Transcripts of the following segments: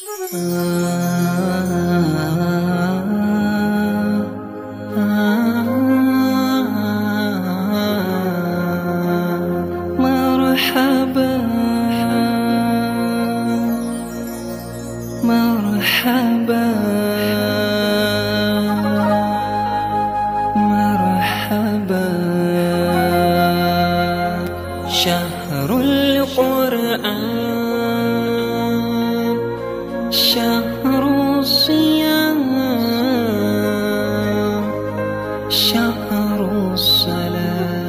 مرحبا مرحبا مرحبا شهر القرآن شهر الصيام شهر الصلاه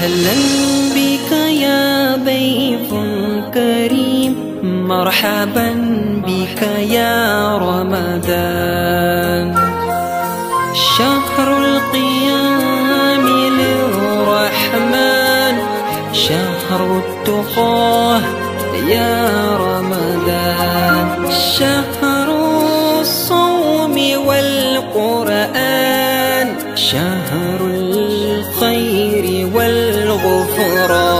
أهلا بك يا ضيف كريم مرحبا بك يا رمضان شهر القيام للرحمن شهر التقاه يا رمضان شهر الغفران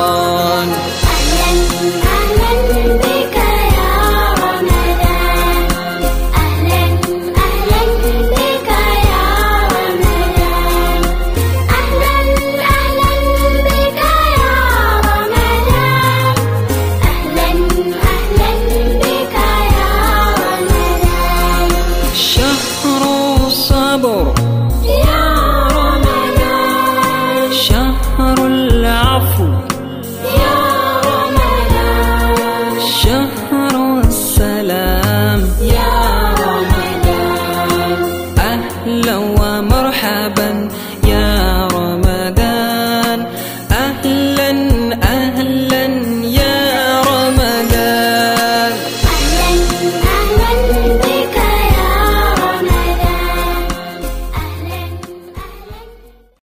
العفو يا رمضان شهر السلام يا رمضان أهلا ومرحبا